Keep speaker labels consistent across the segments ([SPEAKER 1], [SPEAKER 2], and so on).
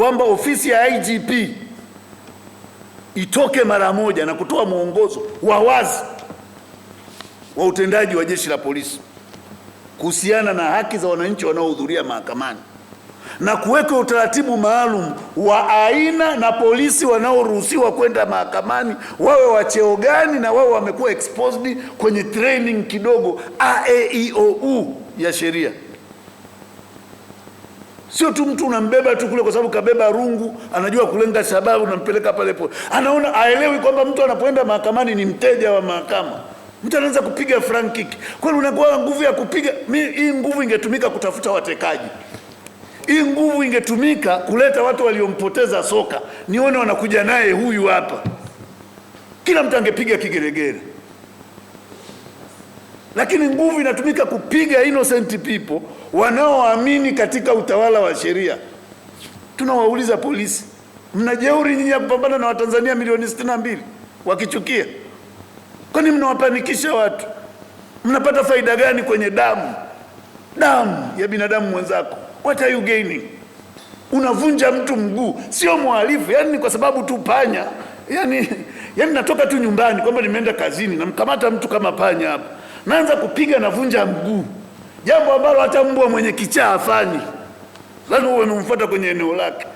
[SPEAKER 1] kwamba ofisi ya IGP itoke mara moja na kutoa mwongozo wa wazi wa utendaji wa jeshi la polisi kuhusiana na haki za wananchi wanaohudhuria mahakamani na kuweka utaratibu maalum wa aina na polisi wanaoruhusiwa kwenda mahakamani, wawe wacheo gani, na wawe wamekuwa exposed kwenye training kidogo AAEOU ya sheria. Sio tu mtu unambeba tu kule kwa sababu kabeba rungu, anajua kulenga sababu, unampeleka pale pole. Anaona aelewi kwamba mtu anapoenda mahakamani ni mteja wa mahakama. Mtu anaweza kupiga frank kick. Kwani unakuwa nguvu ya kupiga? Hii nguvu ingetumika kutafuta watekaji. Hii nguvu ingetumika kuleta watu waliompoteza soka, nione wanakuja naye huyu hapa, kila mtu angepiga kigeregere lakini nguvu inatumika kupiga innocent people wanaoamini katika utawala wa sheria. Tunawauliza polisi, mnajeuri nyinyi ya kupambana na Watanzania milioni sitini na mbili wakichukia? Kwani mnawapanikisha watu? Mnapata faida gani kwenye damu damu ya binadamu mwenzako? What are you gaining? Unavunja mtu mguu, sio mhalifu yani, kwa sababu tu panya yani, yani natoka tu nyumbani kwamba nimeenda kazini, namkamata mtu kama panya hapa naanza kupiga na vunja mguu, jambo ambalo hata mbwa mwenye kichaa afani. Lazima uwe umemfuata kwenye eneo lake.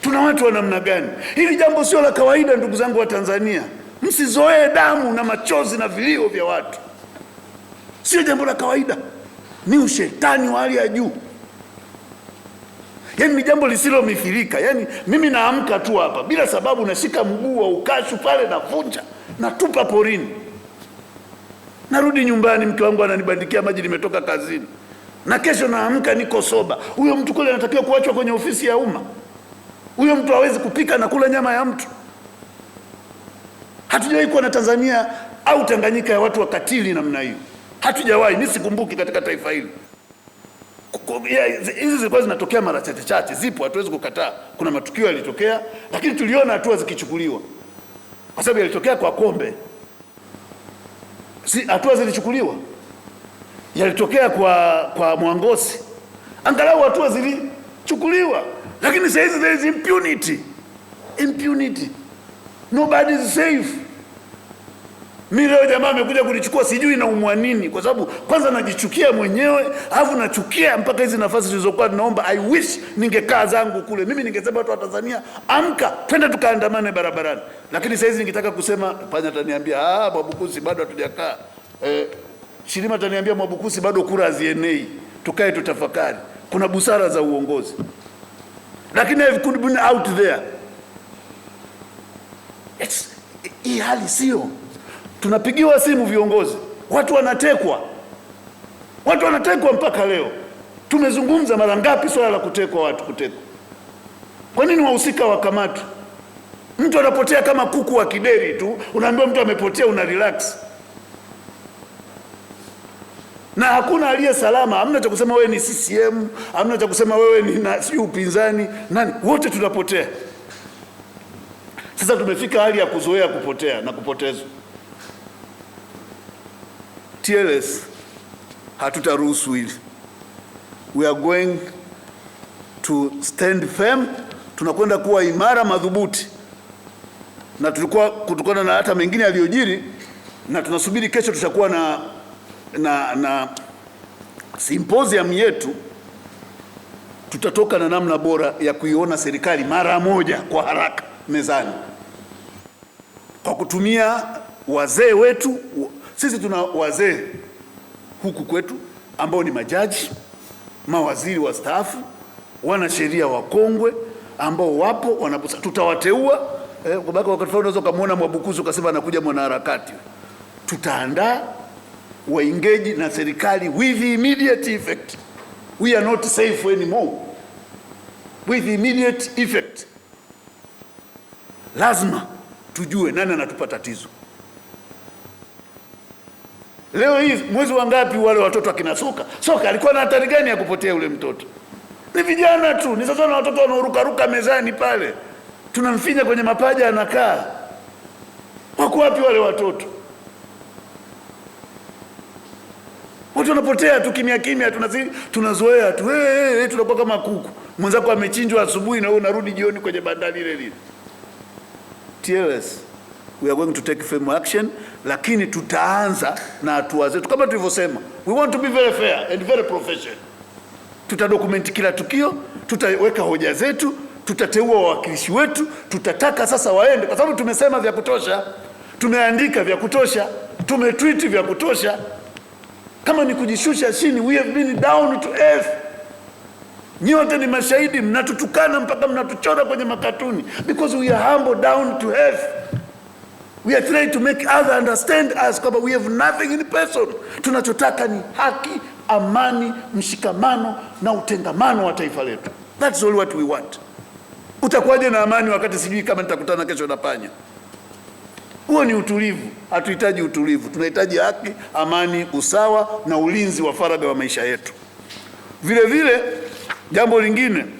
[SPEAKER 1] Tuna watu wa namna gani? Hili jambo sio la kawaida, ndugu zangu wa Tanzania. Msizoee damu na machozi na vilio vya watu, sio jambo la kawaida, ni ushetani wa hali ya juu. Yaani ni jambo lisilomithilika. Yaani mimi naamka tu hapa bila sababu, nashika mguu wa ukashu pale, navunja, natupa porini narudi nyumbani, mke wangu ananibandikia maji, nimetoka kazini, na kesho naamka niko soba. Huyo mtu kule anatakiwa kuachwa kwenye ofisi ya umma. Huyo mtu hawezi kupika na kula nyama ya mtu. Hatujawahi kuwa na Tanzania au Tanganyika ya watu wakatili namna hiyo, hatujawahi. ni sikumbuki katika taifa hili. Hizi zilikuwa zinatokea mara chache chache, zipo, hatuwezi kukataa. Kuna matukio yalitokea, lakini tuliona hatua zikichukuliwa, kwa sababu yalitokea kwa kombe hatua zilichukuliwa, yalitokea kwa kwa Mwangosi, angalau hatua zilichukuliwa, lakini sasa hizi there is impunity, impunity, nobody is safe. Mi leo jamaa amekuja kunichukua sijui naumwa nini, kwa sababu kwanza najichukia mwenyewe, alafu nachukia mpaka hizi nafasi zilizokuwa tunaomba. I wish ningekaa zangu kule, mimi ningesema watu wa Tanzania, amka, twende tukaandamane barabarani. Lakini sasa hizi nikitaka kusema panya ataniambia ah, Mwabukusi bado hatujakaa eh, Shirima ataniambia Mwabukusi bado kura hazienei. Tukae tutafakari, kuna busara za uongozi, lakini I've could be out there, hii hali sio Tunapigiwa simu viongozi, watu wanatekwa, watu wanatekwa mpaka leo. Tumezungumza mara ngapi swala la kutekwa watu, kutekwa. Kwa nini wahusika wakamatwa? Mtu anapotea kama kuku wa kideri tu, unaambiwa mtu amepotea, una relax na hakuna aliye salama. Hamna cha kusema wewe ni CCM, hamna cha kusema wewe ni na si upinzani nani, wote tunapotea. Sasa tumefika hali ya kuzoea kupotea na kupotezwa.
[SPEAKER 2] TLS hatutaruhusu hivi. We are going to stand firm, tunakwenda kuwa imara madhubuti, na tulikuwa kutokana na hata mengine yaliyojiri, na tunasubiri kesho tutakuwa na, na, na symposium yetu, tutatoka na namna bora ya kuiona serikali mara moja kwa haraka mezani kwa kutumia wazee wetu sisi tuna wazee huku kwetu ambao ni majaji, mawaziri wastaafu, wanasheria wakongwe ambao wapo wanabusa, tutawateua eh, unaweza ukamwona Mwabukusi ukasema anakuja mwanaharakati. Tutaandaa waingeji na serikali with immediate effect. We are not safe anymore with immediate effect. Lazima tujue nani anatupa tatizo. Leo hii mwezi wa ngapi wale watoto akina soka soka alikuwa na hatari gani ya kupotea yule mtoto? Ni vijana tu, ni sasa na watoto wanaorukaruka mezani pale, tunamfinya kwenye mapaja, anakaa. Wako wapi wale watoto? Watu wanapotea tu kimya kimya, tunazoea tu, tunakuwa kama kuku. Mwenzako amechinjwa asubuhi na wewe unarudi jioni kwenye bandari ile ile. TLS we are going to take firm action, lakini tutaanza na hatua zetu kama tulivyosema, we want to be very fair and very professional. Tutadokumenti kila tukio, tutaweka hoja zetu, tutateua wawakilishi wetu, tutataka sasa waende, kwa sababu tumesema vya kutosha, tumeandika vya kutosha, tumetweet vya kutosha. Kama ni kujishusha chini, we have been down to earth. Nyote ni mashahidi, mnatutukana mpaka mnatuchora kwenye makatuni, because we are humble down to earth. We are trying to make others understand us kwamba we have nothing in person. Tunachotaka ni haki, amani, mshikamano na utengamano wa taifa letu. That's all what we want. Utakuwaje na amani wakati sijui kama nitakutana kesho na panya? Huo ni utulivu. Hatuhitaji utulivu, tunahitaji haki, amani, usawa na ulinzi wa faragha wa maisha yetu. Vile vile jambo lingine